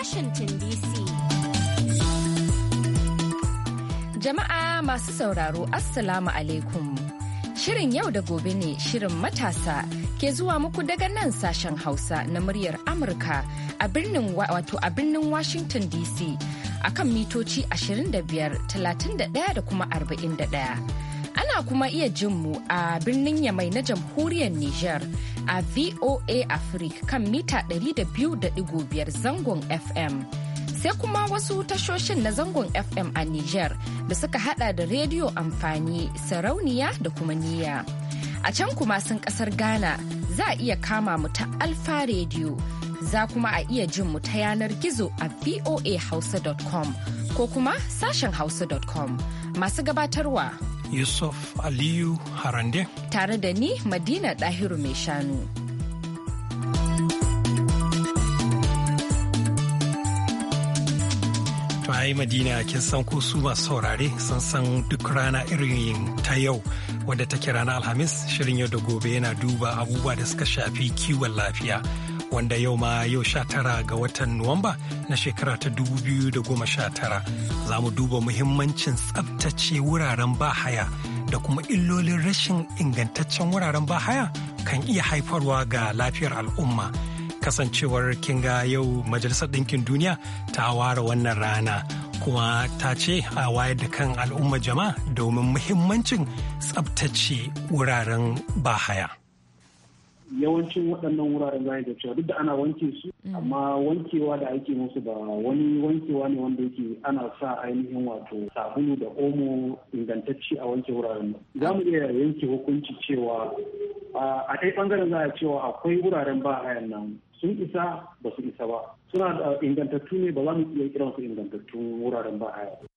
Washington DC. Jama'a masu sauraro Assalamu alaikum. Shirin yau da gobe ne shirin matasa ke zuwa muku daga nan sashen Hausa na muryar Amurka a birnin wato a birnin Washington DC akan mitoci 25, 31 da kuma 41. Ana kuma iya jin mu a birnin Yamai na jamhuriyar Nijar a VOA Africa kan mita 200.5 zangon FM. Sai kuma wasu tashoshin na zangon FM a Niger da suka hada da rediyo amfani, sarauniya da kuma niyya. A can kuma sun kasar Ghana za a iya kama mu ta Alfa rediyo Za kuma a iya jin mu ta yanar gizo a voahausa.com ko kuma sashen hausa.com masu gabatarwa. Yusuf Aliyu Harande. Tare da ni Madina Dahiru mai shanu. Ai Madina kin san ko su masu saurare sun san duk rana irin ta yau wadda take rana Alhamis shirin yau da gobe yana duba abubuwa da suka shafi kiwon lafiya. wanda yau ma yau sha tara ga watan Nuwamba na shekara ta dubu biyu da goma sha tara za mu duba muhimmancin tsabtace wuraren bahaya da kuma illolin rashin ingantaccen wuraren bahaya kan iya haifarwa ga lafiyar al'umma. Kasancewar kinga yau Majalisar Ɗinkin Duniya ta ware wannan rana kuma ta ce a wayar da kan al'umma jama'a domin muhimmancin tsabtace wuraren bahaya. yawancin waɗannan wuraren za da cewa duk da ana wanke su mm. amma wankewa da ake musu ba wani wankewa ne wanda yake ana sa ainihin wato sabulu da omo ingantacci a wanke wuraren nan za mu iya yanke hukunci cewa a ɗaya ɓangaren za a cewa akwai wuraren ba hayan nan sun isa ba su isa ba suna da ingantattu ne ba za mu iya kiransu ingantattun wuraren ba haya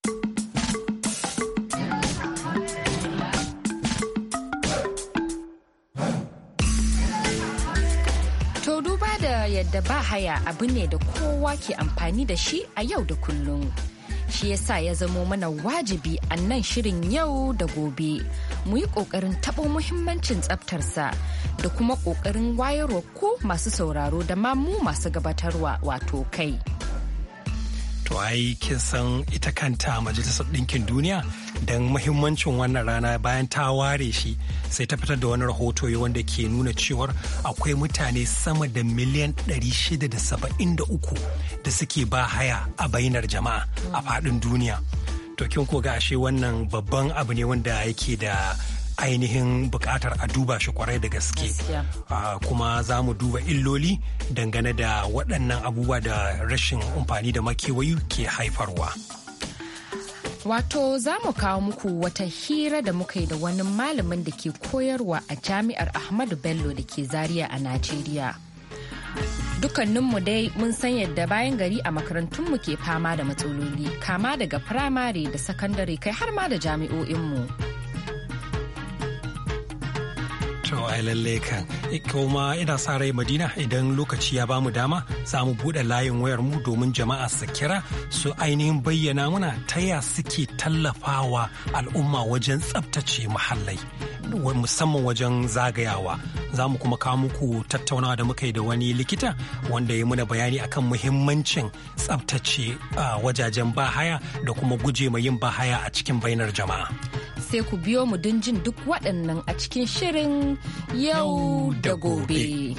yadda ba haya abu ne da kowa ke amfani da shi a yau da kullum. Shi yasa ya zamo mana wajibi a nan shirin yau da gobe. Mu yi ƙoƙarin taɓo muhimmancin tsaftarsa da kuma ƙoƙarin wayarwa ko masu sauraro da ma mu masu gabatarwa wato kai. to ai kin san ita kanta majalisar ɗinkin duniya don muhimmancin wannan rana bayan ta ware shi sai ta fitar da wani rahoto wanda ke nuna cewar akwai mutane sama da miliyan 673 da suke ba haya a bainar jama'a a faɗin duniya to kin ko ga ashe wannan babban abu ne wanda yake da ainihin buƙatar a duba shi kwarai da gaske ah, kuma za mu duba illoli dangane da waɗannan abubuwa da rashin amfani da makewayi ke haifarwa. Wato za mu kawo muku wata hira da muka yi da wani malamin da ke koyarwa a jami'ar Ahmadu Bello da ke Zaria a Najeriya. Dukanninmu dai mun san yadda bayan gari a makarantunmu ke fama da matsaloli, kama daga firamare da sakandare kai har ma da jami'o'inmu. ai lalle kan kuma eh, ina sa rai madina idan lokaci ya bamu dama za mu buɗe layin wayar mu domin jama'a su kira su ainihin bayyana muna ta ya suke tallafawa al'umma wajen tsabtace muhallai musamman wajen zagayawa za mu kuma kawo muku tattaunawa da muka yi da wani likita wanda ya muna bayani akan muhimmancin tsabtace ah, wajajen bahaya da kuma guje ma yin bahaya a cikin bainar jama'a sai ku biyo mu don jin duk waɗannan a cikin shirin yau da gobe.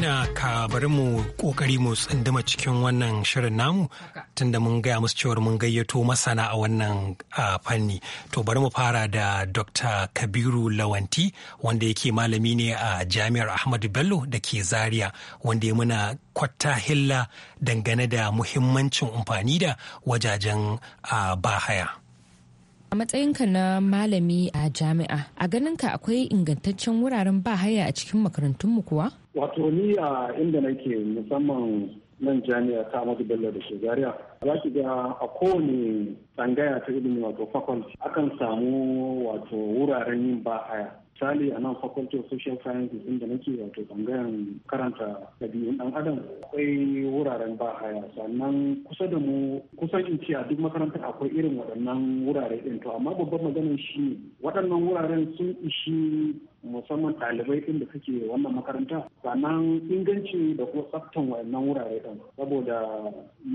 madina ka bari mu kokari mu tsindima cikin wannan shirin namu tunda mun gaya musu cewar mun gayyato masana a wannan fanni to bari mu fara da dr kabiru lawanti wanda yake malami ne a jami'ar ahmadu bello da ke zaria wanda ya muna kwatta hilla dangane da muhimmancin amfani da wajajen a bahaya. A matsayinka na malami a jami'a, a ganinka akwai ingantaccen wuraren bahaya a cikin makarantunmu kuwa? wato ni a inda nake musamman nan jami'a ta Amadu Bello da Shugariya za ki ga a kowane tsangaya ta ilimi wato faculty akan samu wato wuraren yin ba'aya. misali a nan faculty of social sciences inda nake wato tsangayan karanta ɗabi'un ɗan adam akwai wuraren ba'aya sannan kusa da mu kusan in ce a duk makarantar akwai irin waɗannan wurare ɗin to amma babban maganar shi waɗannan wuraren sun ishi musamman ɗalibai ɗin da suke wannan makaranta sannan inganci da kuma tsaftan waɗannan wurare ɗin saboda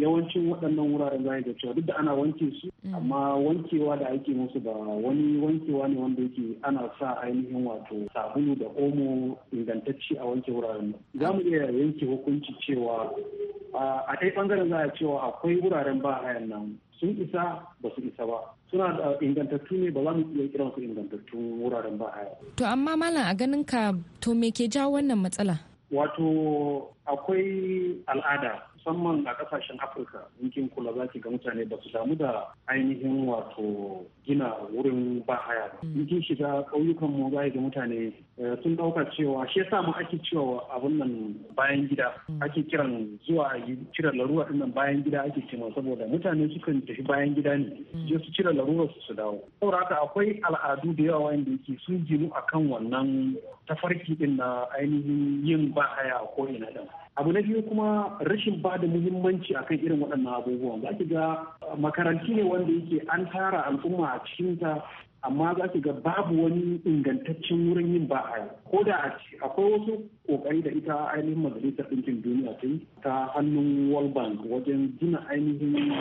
yawancin waɗannan wuraren za ga cewa duk da ana wanke su mm. amma wankewa da ake musu ba wani wankewa ne wanda yake ana sa ainihin wato sabulu da omo ingantacci a wanke wuraren nan za mu iya yanke hukunci cewa a ɗai ɓangaren za a cewa akwai wuraren ba hayan nan sun isa ba su isa ba suna da ingantattu ne ba za mu iya kiransu ingantattun wuraren ba haya. To amma malam a ganin ka to me ke jawo wannan matsala? Wato akwai al'ada musamman a kasashen afirka yankin kula zaki ga mutane ba su damu da ainihin wato gina wurin ba haya ba yankin mm. shiga ƙauyukan mu za ga mutane eh, sun ɗauka cewa shi yasa mu ake cewa abun nan bayan gida mm. ake kiran zuwa cire larura din nan bayan gida ake cewa saboda mutane sukan tafi bayan gida ne mm. je su cire larura su su dawo saboda haka akwai al'adu da yawa wanda yake sun ginu akan wannan tafarki ɗin na ainihin yin ba haya ko ina da abu na biyu kuma rashin ba da muhimmanci akan irin waɗannan abubuwan za ki ga makaranti ne wanda yake an tara al'umma a cikinta amma za ki ga babu wani ingantaccen wurin yin bahaya ko da akwai wasu kokari da ita ainihin majalisar ɗinkin duniya ta ta hannun world bank wajen gina ainihin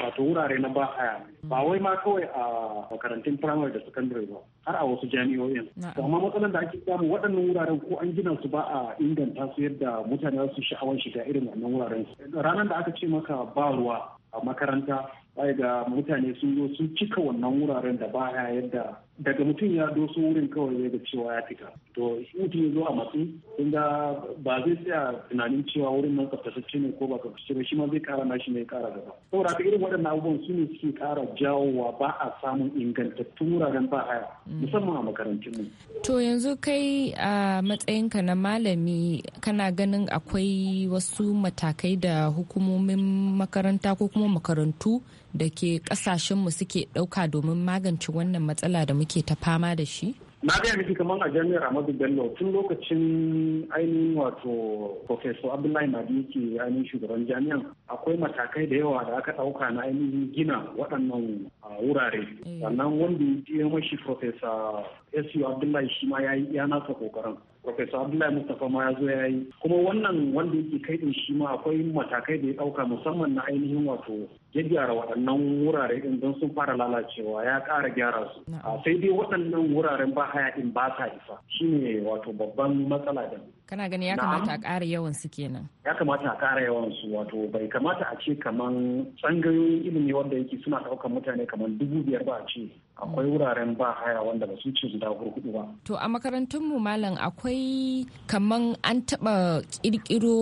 wato wurare na bahaya ba wai ma kawai a makarantun firamare da sakandare ba har a wasu jami'o'in amma matsalar da ake samu waɗannan wuraren ko an gina su ba a inganta su yadda mutane su sha'awar shiga irin wannan wuraren ranar da aka ce maka ba ruwa a makaranta ai ga mutane sun zo sun cika wannan wuraren da baya yadda daga mutum ya doso wurin kawai zai ga cewa ya fita to mutum ya zo a matsi kun ba zai tsaya tunanin cewa wurin nan tsaftatacce ne ko ba tsaftatacce ba shi ma zai kara nashi ne kara gaba saboda haka irin waɗannan abubuwan su ne suke kara jawowa ba a samun ingantattun wuraren ba haya mm. musamman a makarantunmu. to yanzu kai a matsayinka na malami kana ganin akwai wasu matakai da hukumomin makaranta ko kuma makarantu da ke kasashenmu suke ɗauka domin magance wannan matsala da muke ta fama da shi? na gaya miki kamar a jami'ar amadu Bello tun lokacin ainihin wato Professor Abdullahi madu ke ainihin shugaban jami'an akwai matakai da yawa da aka ɗauka na ainihin gina waɗannan wurare. Eh. Sannan wanda ya mashi Professor SU Abdullahi shi ma ya nasa kokarin. Profesor Abdullahi Mustapha ma ya zo ya yi. Kuma wannan wanda yake kai din shi ma akwai matakai da ya ɗauka musamman na ainihin wato ya gyara waɗannan wurare ɗin don sun fara lalacewa ya ƙara gyara su. Ah, sai dai waɗannan wuraren ba haya in ba ta isa. Shi ne wato babban matsala da kana gani ya kamata a ƙara yawan su kenan ya kamata a ƙara yawan su wato bai kamata a ce kaman tsangayoyin ilimi wanda yake suna ɗaukar mutane kaman dubu biyar ba a ce akwai wuraren ba haya wanda ba su ce guda hudu ba. To a mu malam akwai kaman an taɓa ƙirƙiro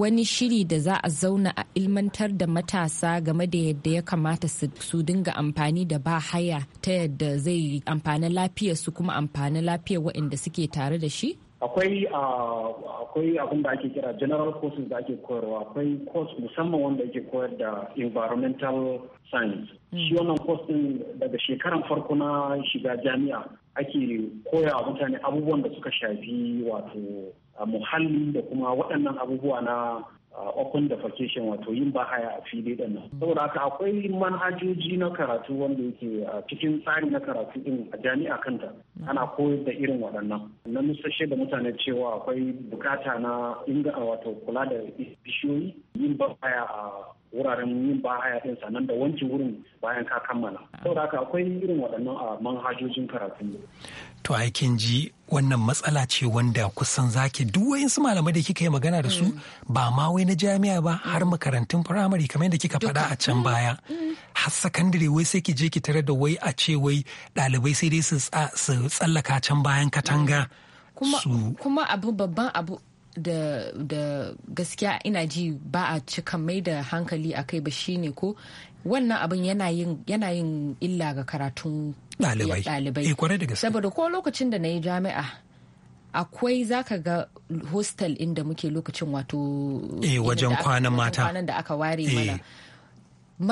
wani shiri da za a zauna a ilmantar da matasa game da yadda ya kamata su dinga amfani da ba haya ta yadda zai amfani su kuma amfani lafiyar waɗanda suke tare da shi? akwai uh, akwai abin da ake kira general courses da ake koyarwa akwai course musamman wanda ake koyar da environmental science hmm. shi wannan course din daga shekaran farko na shiga jami'a ake koya wa mutane abubuwan da suka shafi wato uh, muhalli da kuma waɗannan abubuwa na open defecation wato yin ba haya a fili din nan saboda haka akwai manhajoji na karatu wanda yake cikin tsari na karatu din a jami'a kanta ana koyar da irin waɗannan na musashe da mutane cewa akwai bukata na inga wato kula da bishiyoyi yin bahaya a wuraren yin bahaya din sannan da wanke wurin bayan ka kammala saboda haka akwai irin waɗannan a ah, manhajojin karatu to aikin ji wannan matsala ce wanda kusan zaki duk wayansu malamai da kika yi magana da su mm. ba ma wai na jami'a ba har makarantun firamare kamar yadda kika faɗa a can baya mm, mm. har sakandare wai sai ki je ki tare da wai a ce wai ɗalibai sai dai su tsallaka can bayan katanga kuma abu babban abu da, da gaskiya ina ji ba a cika mai da hankali a kai ba shine ko wannan abin yana yin illa ga karatun ɗalibai eh, saboda ko lokacin da na yi jami'a akwai zaka ga hostel inda muke lokacin wato e, wajen kwanan mata kwanan da aka ware e. mana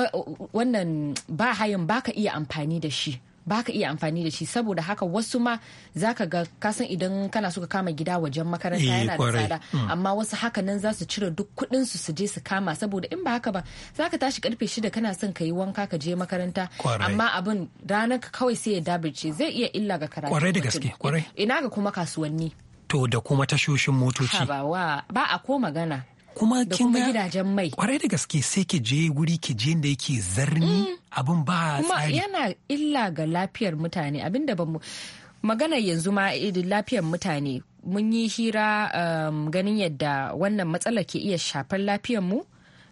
eh. wannan ba hayan baka iya amfani da shi baka iya amfani da shi saboda haka wasu ma za ka ga kasan idan kana so ka kama gida wajen makaranta eh, yana da tsada mm. amma wasu haka nan za su cire duk kuɗin su su je su kama saboda in ba haka ba za ka tashi karfe shida kana son ka yi wanka ka je makaranta amma abin ranar ka kawai sai ya dabirce zai iya illa ga karatu kwarai da gaske kwarai ina ga kuma kasuwanni to da kuma tashoshin motoci ba a ko magana kuma gidajen mai kwarai da gaske sai ki je wuri ki je da yake zarni mm. abin ba tsari yana illa ga lafiyar mutane abinda ba mu magana yanzu ma eh, lafiyar mutane mun yi hira um, ganin yadda wannan matsalar ke iya shafar lafiyar mu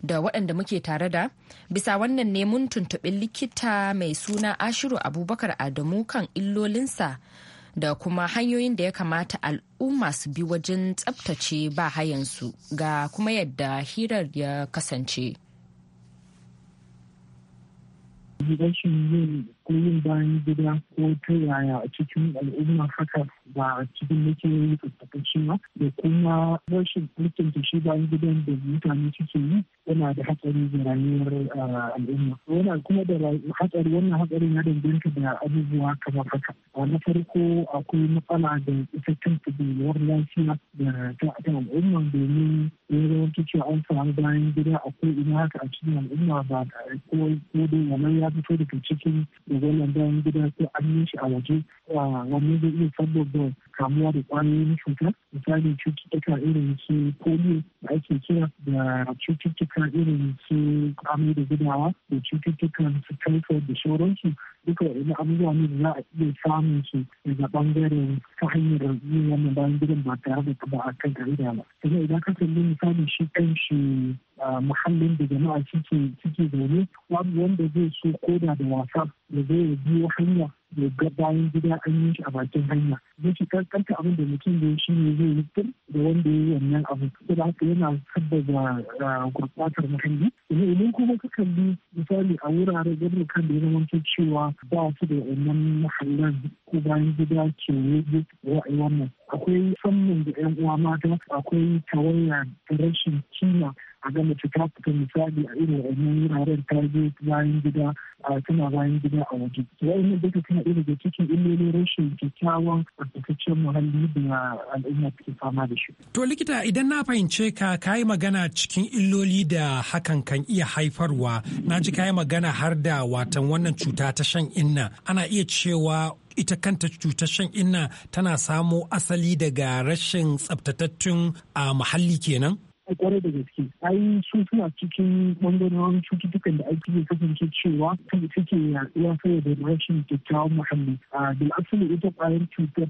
da waɗanda muke tare da bisa wannan ne mun tuntuɓi likita mai suna ashiru abubakar adamu kan illolinsa da kuma hanyoyin da ya kamata al'umma su bi wajen tsabtace ba hayansu ga kuma yadda hirar ya kasance. ko yin bayan gida ko ta yaya a cikin al'umma haka ba a cikin nake tsaftatacce ba da kuma rashin da shi bayan gidan da mutane suke yi yana da hatsari ga rayuwar al'umma yana kuma da hatsari wannan hatsarin ya danganta da abubuwa kamar haka na farko akwai matsala da isaccen tsibirwar lafiya da ta al'umma domin ya zama cewa an samu bayan gida akwai ko ina haka a cikin al'umma ba ko dai ya fito daga cikin da zai da ya a waje wannan zai iya saboda kamuwa da kwayoyin cuta misali cututtuka irin su polio da ake kira da cututtuka irin su amai da gudawa da cututtukan su typhoid da sauransu duka wani abubuwa ne da za a iya samun su daga bangaren ta hanyar yin wannan bayan gidan ba tare da ba a kan da ba sannan idan ka kalli misali shi kan shi muhallin da jama'a suke suke zaune wanda zai so koda da wasa da zai biyo hanya ya ga bayan gida an yi shi a bakin hanya zai shi abin da mutum da shi ne zai yi da wanda ya yi wannan abu da haka yana sabbaza ah, gurbatar muhalli idan kuma ka kalli misali a wurare kan da ya zama cewa ba su da wannan muhallan ko bayan gida yi zai wannan akwai fannin da yan uwa mata akwai tawaya da rashin kima a ga mace ta fita misali a irin wannan wuraren ta je bayan gida a tana bayan gida a waje wa'annan duka suna ɗaya daga cikin illolin rashin kyakkyawan tsaftaccen muhalli da al'umma take fama da shi. to likita idan na fahimce ka ka yi magana cikin illoli da hakan kan iya haifarwa na ji ka yi magana har da watan wannan cuta ta shan inna ana iya cewa ita kanta cutar shan inna tana samo asali daga rashin tsabtatattun a ah, muhalli kenan? kwarai da gaske ai su suna cikin bangarorin cututtukan da ake yi kasance cewa suke yaduwa saboda rashin kyakkyawan muhalli a bil asali ita kwayar cutar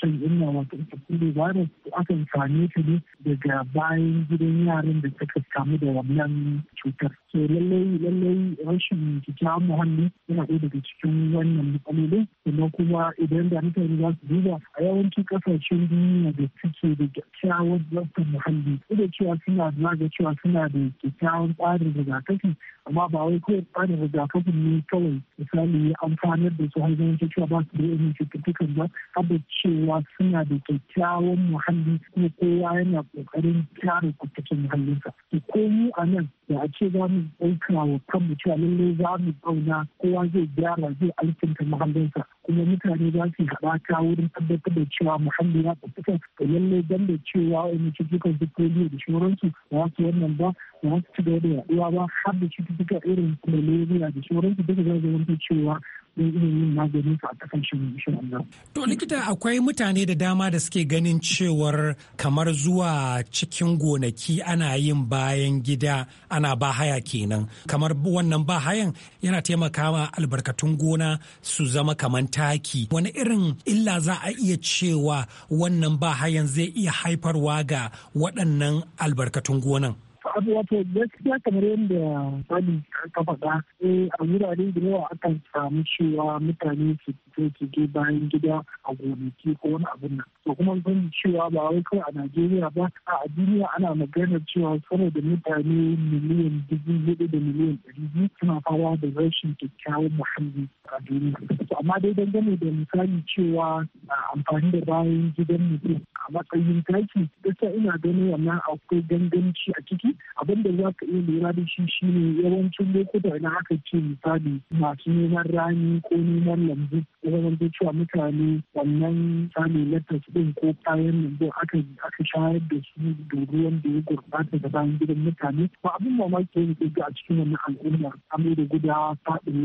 shan inna wato ita kuma virus akan same ta ne daga bayan gidan yaran da suka samu da wannan cutar so lallai lallai rashin kyakkyawan muhalli yana ɗaya daga cikin wannan matsalolin sannan kuma idan da mutane za su duba a yawancin ƙasashen duniya da suke da kyakkyawan tsaftar muhalli ita ce cewa suna za ga cewa suna da kyakkyawan tsarin rigakafi amma ba wai kawai tsarin rigakafi ne kawai misali amfanar da su har wancan cewa ba su da irin cututtukan ba haɗa cewa suna da kyakkyawan muhalli kuma kowa yana ƙoƙarin kyara kuttacin muhallinsa to ko a nan da a ce za mu ɗauka wa kanmu cewa lallai za mu ɗauna kowa zai gyara zai alkinta muhallinsa kuma mutane za su ta wurin tabbatar da cewa muhalli ya tsaftace to lallai dan da cewa wani cututtukan duk da shi insurance is not your number ba za su ci gaba da yaduwa ba har da cututtuka irin malaria da sauransu duka za cewa don iya yin magani su a kasashen shirin To likita akwai mutane da dama da suke ganin cewar kamar zuwa cikin gonaki ana yin bayan gida ana ba haya kenan kamar wannan ba hayan yana taimakawa albarkatun gona su zama kamar taki wani irin illa za a iya cewa wannan ba hayan zai iya haifarwa ga waɗannan albarkatun gonan. abu wato gaskiya kamar yadda sani ka faɗa eh, a wurare da yawa akan samu cewa mutane su fito su je bayan gida a gonaki ko wani abin nan to kuma zan cewa ba wai kawai a najeriya ba a duniya ana maganar cewa sama da mutane miliyan dubu hudu da miliyan ɗari biyu suna fama da rashin kyakkyawan muhalli a duniya amma dai dangane da misali cewa a amfani da bayan gidan mutum a matsayin taki gaskiya ina ganin wannan akwai ganganci a ciki abin da za ka iya lura da shi shine yawancin lokuta idan aka ce misali masu neman rani ko neman lambu ko zama cewa mutane wannan sami latas din ko kayan lambu aka aka shayar da su da ruwan da ya gurbata da bayan gidan mutane ba abin mamaki ne ga a cikin wannan al'umma amma da guda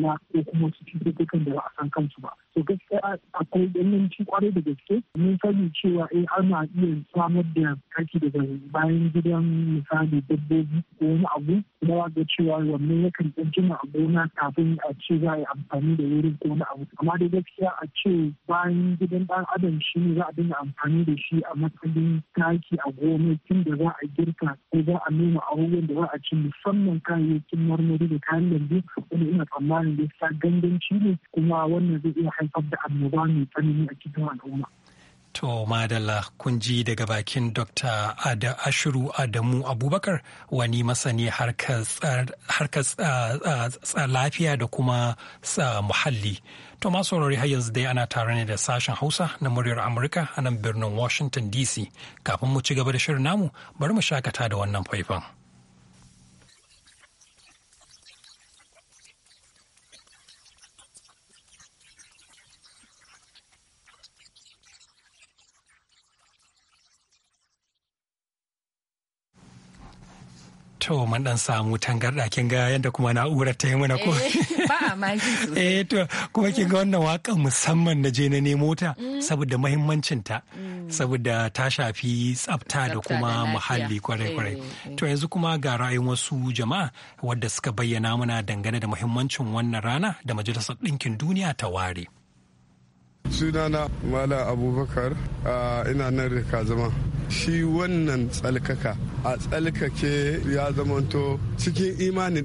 na ko kuma su ci dukkan da ba a san kansu ba to gaskiya akwai ci kwarai da gaske mun sani cewa eh ana iya samar da kaki daga bayan gidan misali dabbobi dabbobi ko wani abu kuma za ga cewa wannan yakan ɗan jima a gona kafin a ce za a yi amfani da wurin ko wani abu amma dai gaskiya a ce bayan gidan ɗan adam shi ne za a dinga amfani da shi a matsayin taki a gonakin da za a girka ko za a noma abubuwan da za a ci musamman kayayyakin marmari da kayan lambu wanda ina tsammanin gaskiya ganganci ne kuma wannan zai iya haifar da annoba mai tsanani a cikin al'umma. To madalla kun ji daga bakin Dr. Ashiru Adamu Abubakar wani masani harkar lafiya da kuma muhalli. To masu saurari har yanzu dai ana tare ne da sashen Hausa na muryar Amurka a nan birnin Washington DC. Kafin mu ci gaba da shirin namu bari mu shakata da wannan faifan. To man dan samu tangarda kin ga yadda kuma na'urar ta yi mana ko. Eh, eh to kuma kin ga wannan wakan musamman na je na nemo ta mm. saboda muhimmancin ta mm. saboda ta shafi tsafta da kuma muhalli kwarai kwarai. Eh, eh. To yanzu kuma ga ra'ayin wasu jama'a wadda suka bayyana mana dangane da mahimmancin wannan rana da Majalisar Ɗinkin Duniya ta ware. sunana mala abubakar ina nan rika zama shi wannan tsalkaka a tsalkake ya zamanto cikin imani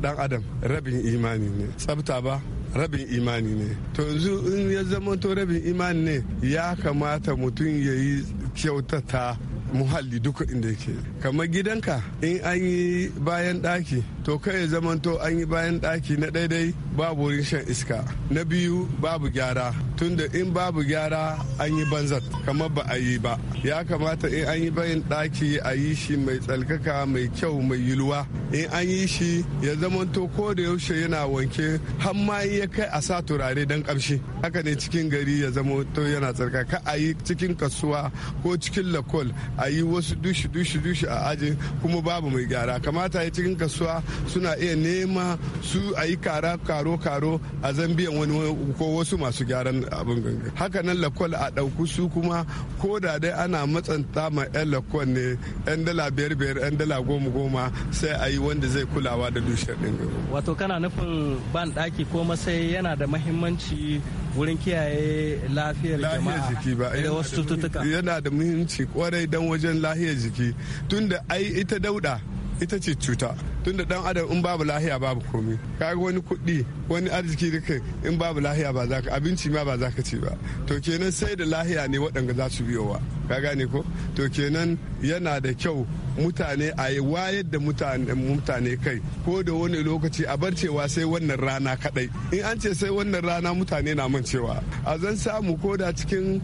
dan adam rabin imani ne tsabta ba rabin imani ne to yanzu in ya zamanto rabin imani ne ya kamata mutum ya yi kyautata muhalli duka inda yake kamar gidanka in an yi bayan daki. to kai ya zamanto an yi bayan ɗaki na daidai babu wurin shan iska na biyu babu gyara tunda in babu gyara an yi banzat kamar ba a yi ba ya kamata in an yi bayan ɗaki a yi shi mai tsalkaka mai kyau mai yulwa in an yi shi ya zamanto ko da yaushe yana wanke har ma ya kai a sa turare don kamshi haka ne cikin gari ya zamanto yana tsarkaka a yi cikin kasuwa ko cikin lakol a yi wasu dushi dushi dushi a aji kuma babu mai gyara kamata ya cikin kasuwa suna iya nema su a yi kara karo karo a zambiyan wani ko wasu masu gyaran abin ganga haka nan lakwal a ɗauku su kuma ko da dai ana matsanta ma 'yan lakwal ne 'yan dala biyar biyar 'yan dala goma goma sai a yi wanda zai kulawa da dushen ɗin wato kana nufin ban ɗaki ko sai yana da mahimmanci wurin kiyaye lafiyar jama'a jiki ba da wasu cututtuka yana da muhimmanci kwarai dan wajen lahiyar jiki tunda ai ita dauda ita ce cuta tunda dan adam in babu lahiya babu komai kaga wani kuɗi wani arziki duka in babu lahiya ba za ka abinci ma ba za ka ci ba to kenan sai da lahiya ne waɗanda za su biyowa ka gane ko to kenan yana da kyau mutane a yi wayar da mutane kai ko da wani lokaci a bar cewa sai wannan rana kadai in an ce sai wannan rana mutane na man cewa a zan samu ko da cikin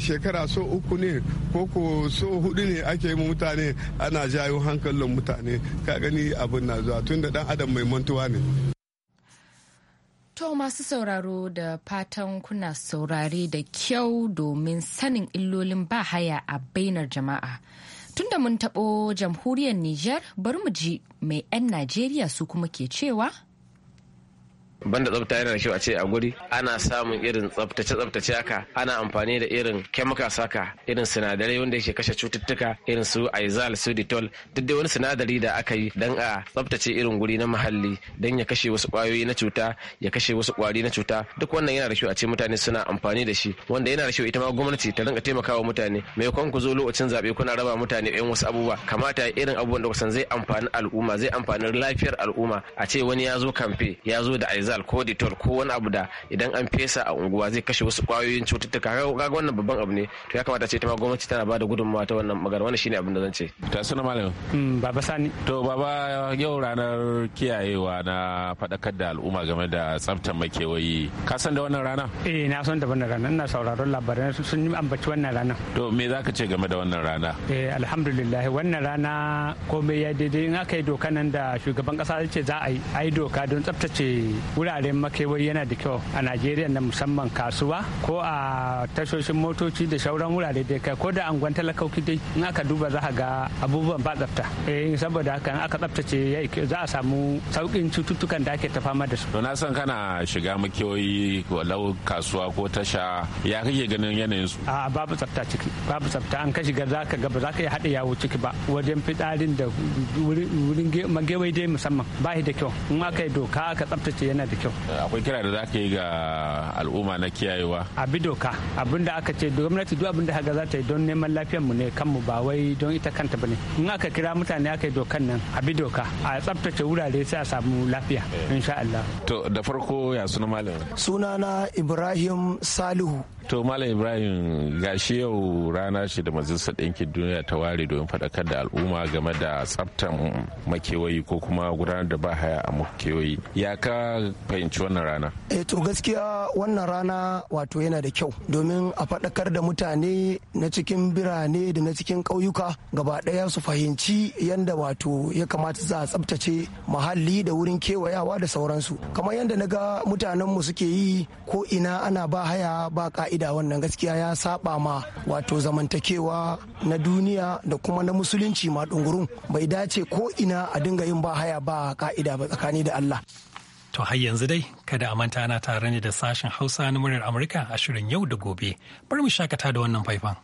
shekara so uku ne ko ko so hudu ne ake yi mutane ana jayo hankalin mutane ka gani abin na zuwa tun da dan adam mai mantuwa ne To masu sauraro da fatan kuna saurare da kyau domin sanin illolin ba haya a bainar jama'a. Tunda mun taɓo jamhuriyar Nijar bari mu ji mai 'yan Najeriya su kuma ke cewa banda tsafta yana da kyau a ce a guri ana samun irin tsaftace tsaftace haka ana amfani da irin kemika saka irin sinadarai wanda yake kashe cututtuka irin su aizal su ditol duk dai wani sinadari da aka yi dan a tsaftace irin guri na muhalli dan ya kashe wasu kwayoyi na cuta ya kashe wasu kwari na cuta duk wannan yana da kyau a ce mutane suna amfani da shi wanda yana da kyau ita ma gwamnati ta rinka taimakawa mutane maimakon ku zo lokacin zabe kuna raba mutane yan wasu abubuwa kamata irin abubuwan da kusan zai amfani al'umma zai amfani lafiyar al'umma a ce wani ya zo kamfe ya zo da aizal lexal ko detol ko wani abu da idan an fesa a unguwa zai kashe wasu kwayoyin cututtuka kaga wannan babban abu ne to ya kamata ce ta ma gwamnati tana bada gudunmawa ta wannan magana wannan shine abin da zan ce ta sanar malam mm, baba sani to baba yau ranar kiyayewa na faɗakar da al'umma game da tsaftar makewayi ka san da wannan rana eh na san da wannan rana ina sauraron labarai sun yi ambaci wannan rana to me zaka ce game da wannan rana eh alhamdulillah wannan rana komai ya daidai in aka yi doka nan da shugaban kasa ya ce za a yi doka don tsaftace wuraren makewa yana da kyau a najeriya na musamman kasuwa ko a tashoshin motoci da shauran wurare da kai ko da angon talakauki dai in aka duba za a ga abubuwan ba tsafta eh saboda haka aka tsaftace za a samu saukin cututtukan da ake ta fama da su to na san kana shiga makewayi walau kasuwa ko tasha ya kake ganin yanayin su a babu tsafta ciki babu tsafta an ka shiga za ka ga ba za ka yi haɗa yawo ciki ba wajen fitsarin da wurin magewayi dai musamman ba da kyau in aka yi doka aka tsaftace yana da kyau eh, akwai kira da za ka yi ga al'umma na kiyayewa a bi doka abinda aka ce gwamnati duk da haka za ta yi don neman lafiyar mu ne kanmu ba wai don ita kanta bane in aka kira mutane aka yi dokan nan a bi doka a tsaftace wurare sai a samu lafiya eh. insha Allah to da farko ya suna malam sunana Ibrahim Salihu to malam ibrahim gashi yau rana ce da majalisar ɗinkin duniya ta ware domin faɗakar da al'umma game da tsaftan makewayi ko kuma gudanar da bahaya a makewayi ya ka fahimci wannan rana eh to gaskiya wannan rana wato yana da kyau domin a faɗakar da mutane na cikin birane da na cikin ƙauyuka gaba ɗaya su fahimci yadda wato ya kamata za a tsaftace muhalli da wurin kewayawa da sauransu kamar yadda na ga mutanenmu suke yi ko ina ana ba haya ba ka'ida ka'ida wannan gaskiya ya saba ma wato zamantakewa na duniya da kuma na musulunci ma dungurun bai dace ko ina a dinga yin ba haya ba ka'ida ba tsakani da Allah. To har yanzu dai kada a manta ana tare ne da sashen Hausa na muryar Amurka a shirin yau da gobe. Bari mu shakata da wannan faifan.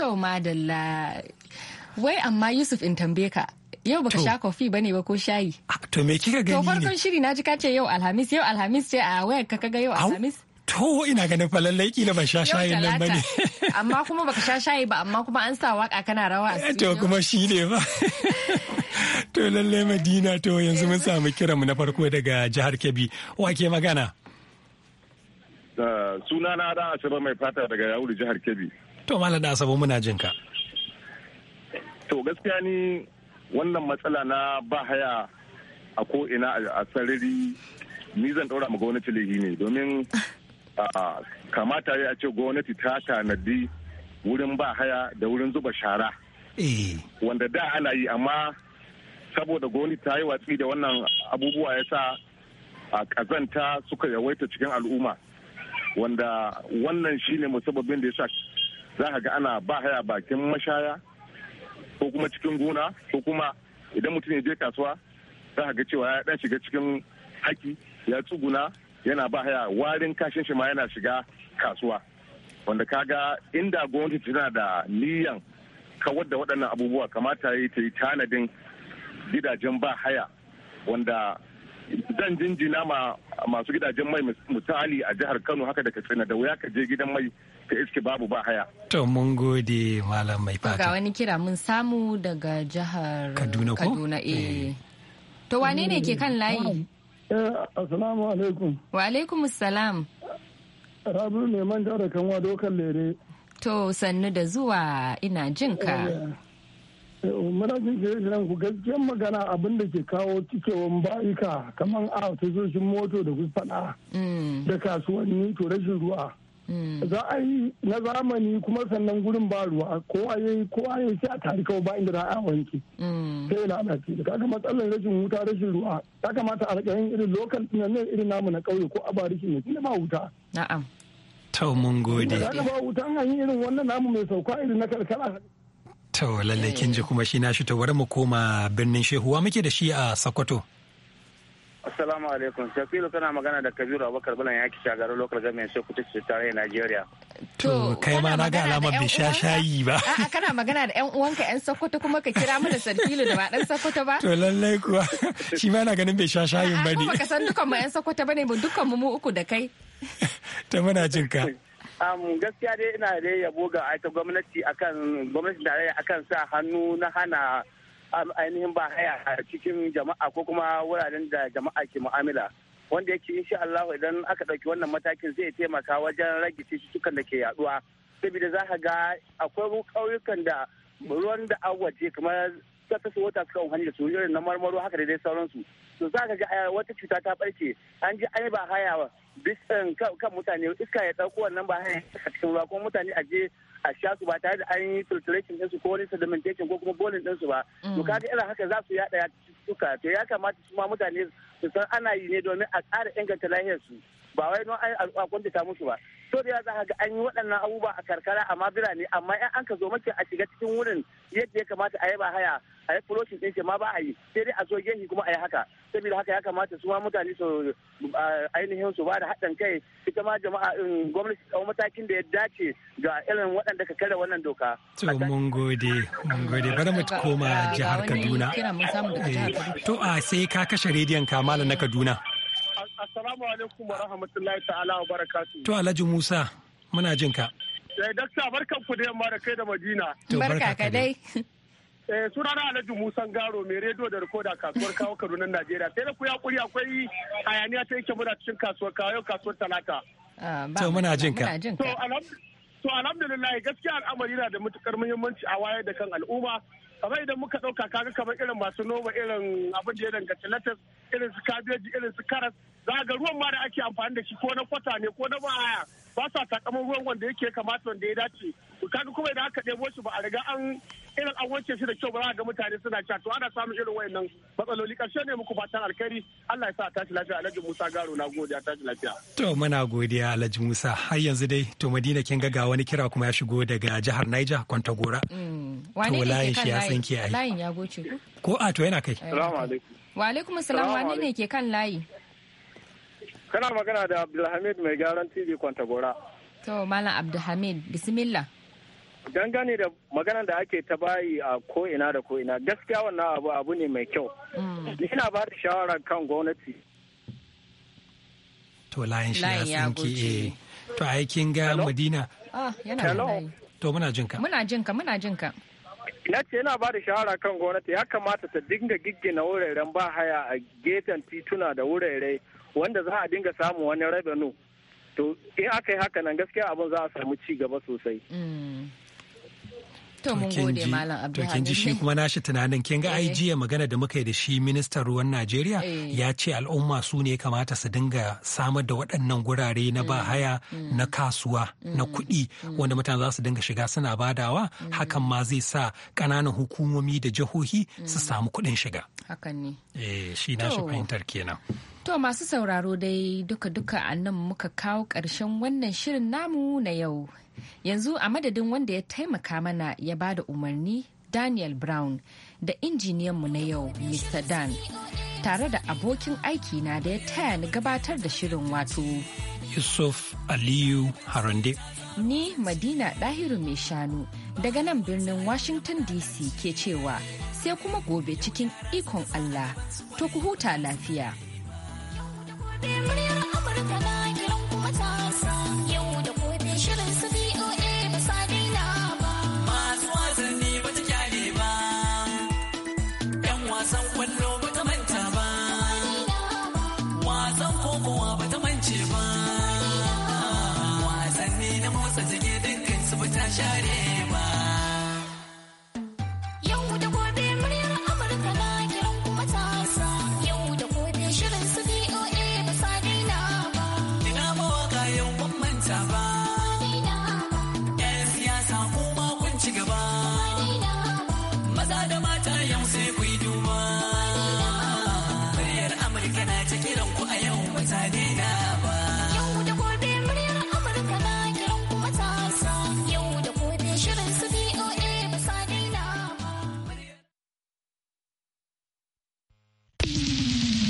to madalla wai amma yusuf in tambaye ka yau baka sha kofi ba ne ba ko shayi ah, to me kika gani ne to farkon shiri na ji kace ce yau alhamis yau alhamis ce a wayar ka kaga yau alhamis to ina ganin falallai kila ban sha shayin nan ba ne. amma kuma baka sha shayi ba amma kuma an sa waka kana rawa a eh, to kuma shi ne ba to lallai madina to yanzu mun samu kiranmu na farko daga jihar kebbi wake magana sunana da asaba mai fata daga yawuri jihar kebbi To malam da asabu muna jin ka. To gaskiya ni wannan matsala na ba haya a ko ina a sarari ni zan ɗaura ma gwamnati laifi ne domin kamata ya ce gwamnati ta tanadi wurin ba haya da wurin zuba shara. Eh. Wanda da ana yi amma saboda goni ta yi watsi da wannan abubuwa ya sa a ƙazanta suka yawaita cikin al'umma wanda wannan shine musababin da ya sa za ka ga ana ba haya bakin mashaya ko kuma cikin gona ko kuma idan mutum ya je kasuwa za ka ga cewa ya dan shiga cikin haki ya tsuguna yana ba haya warin kashin shi ma yana shiga kasuwa wanda kaga inda gwamnati tana da niyan kawar da waɗannan abubuwa kamata yi ta yi tanadin gidajen ba haya wanda zan jinjina ma masu gidajen mai misali a jihar kano haka da katsina da wuya ka je gidan mai ta iske babu ba haya. To mun gode malam mai fata. Ga wani kira mun samu daga jihar Kaduna ko? Kaduna eh. eh. To wane ne ke kan layi? Eh, assalamu alaikum. Wa alaikum salam. Rabu ne man da kanwa dokan lere. To sannu da zuwa ina jin ka. Eh, muna jin shirin ku gaskiyar magana abin da ke kawo cikewan bayika kamar a tasoshin moto da kusa mm. da kasuwanni to rashin ruwa. Mm. za a yi na zamani kuma sannan gurin ba ruwa ko a yi ko a yi a tari kawai ba inda za a wanke mm. sai ana da kaga matsalar rashin wuta rashin ruwa ya kamata a rika yin irin lokal nan irin namu na kauye ko a ba rashin ne ba wuta na'am to mun gode ba wuta an yi irin wannan namu mai sauka irin na karkara to lalle kin ji kuma shi na shi to bari mu koma birnin shehuwa muke da shi a Sokoto Assalamu alaikum. Shafilu kana magana da Kabiru Abubakar Bulan yaki shagarar lokal government sai kuta ce tare Nigeria. To kai ma na ga alamar bi sha shayi ba. A'a kana magana da ƴan uwanka ƴan Sokoto kuma ka kira mu da Shafilu da ba ɗan Sokoto ba. To lallai kuwa shi ma na ganin bai sha shayin bane. Kuma ka san dukkan mu ƴan Sokoto bane mu dukkan mu mu uku da kai. Ta muna jin ka. Um, gaskiya dai ina da yabo ga aita gwamnati akan gwamnatin tarayya akan sa hannu na hana ainihin ba haya a cikin jama'a ko kuma wuraren da jama'a ke mu'amala wanda yake insha Allah idan aka ɗauki wannan matakin zai taimaka wajen rage cututtukan da ke yaduwa saboda za ka ga akwai ƙauyukan da ruwan da waje kamar ta su wata suka wani da su irin na marmaro haka da dai sauransu to za ka ga eh, wata cuta ta barke an ji ai ba haya bisan kan mutane iska ya ɗauko wannan ba haya a cikin ruwa kuma mutane a je a sha ba tare da an yi filtration ɗinsu ko wani sedimentation ko kuma bolin ɗinsu ba mm. to kaga irin haka za su yaɗa cututtuka to ya kamata su ma mutane su san ana yi ne domin a ƙara inganta lafiyarsu ba wai don a kwantata musu ba so za ka ga an yi waɗannan abubuwa a karkara amma birane amma in an ka zo mace a shiga cikin wurin yadda ya kamata a yi ba haya a yi furoshin ɗin ma ba a yi sai dai a zo gehi kuma a yi haka saboda haka ya kamata su ma mutane su ainihin su ba da haɗin kai ita ma jama'a in um, gwamnati a matakin da ya dace ga irin waɗanda ka kare wannan doka. to mun gode mun gode bari mu koma jihar kaduna eh, to a sai ka kashe rediyon kamala na kaduna. Assalamu alaikum wa rahmatullahi ta'ala wa barakatu. To Alhaji Musa muna jin ka. Eh dakta barkan ku da yamma da kai da Madina. Barka ka dai. Eh na Alhaji Musa Garo mai rediyo da rikoda kasuwar kawo Kaduna Najeriya. Sai da ku ya kuri akwai hayaniya ta yake muna cikin kasuwar kawo kasuwar Talata. Ah, to muna jin ka. To alhamdulillah gaskiya al'amari na da matukar muhimmanci a wayar da kan al'umma kamar idan muka ɗauka kaga kamar irin masu noma irin abin da ya danganci latas irin su kabeji irin su karas za ga ruwan ma da ake amfani da shi ko na kwata ne ko na bahaya ba sa takamar ruwan wanda yake kamata wanda ya dace kaga kuma idan aka ɗebo shi ba a riga an irin an wance shi da kyau ba za ga mutane suna cewa to ana samun irin wayannan matsaloli ƙarshe ne muku fatan alkhairi Allah ya sa a tashi lafiya Alhaji Musa Garo na gode a tashi lafiya to muna godiya Alhaji Musa har yanzu dai to Madina kin ga wani kira kuma ya shigo daga jihar Niger Kwantagora mm. to kan shi ya tsinke ai layin ya goce ko a to yana kai assalamu alaikum wa alaikum assalam wane ne ke kan layi Kana magana da Abdulhamid mai gyaran TV Gora. To Malam Abdulhamid, bismillah. Dangane da maganar da ake ta bayi a ko'ina da ko'ina gaskiya wannan abu abu ne mai kyau. Mm. Ina ba da shawara kan gwamnati. To layin shi ya tsinki eh. To aikin ga Madina. Ah, to muna jinka. Muna jinka, muna jinka. na ce yana ba da shawara kan gwamnati ya kamata ta dinga giggina wuraren ba haya a gefen tituna da wurare wanda za a dinga samun wani revenue to in aka yi haka nan gaskiya abin za a samu ci gaba sosai mm. To kin ji shi kuma nashi tunanin kin ga eh. jiya magana da muka yi da shi ministan ruwan Najeriya eh. ya ce al'umma su ne kamata su dinga samar da waɗannan gurare na ba mm. haya mm. na kasuwa na kuɗi wanda mutane za su dinga shiga suna badawa hakan ma zai sa ƙananan hukumomi da jihohi su samu kuɗin shiga. Hakan ne. Eh shi nashi fahimtar kenan. To masu sauraro dai duka-duka a nan muka kawo ƙarshen wannan shirin namu na yau. Yanzu a madadin wanda ya taimaka mana ya ba da umarni Daniel Brown da mu na yau Mr. Dan tare da abokin aiki na da ya taya ni gabatar da shirin wato. Yusuf Aliyu Harande. Ni Madina Ɗahiru mai shanu daga nan birnin Washington DC ke cewa sai kuma gobe cikin ikon Allah to ku huta lafiya. Amurka na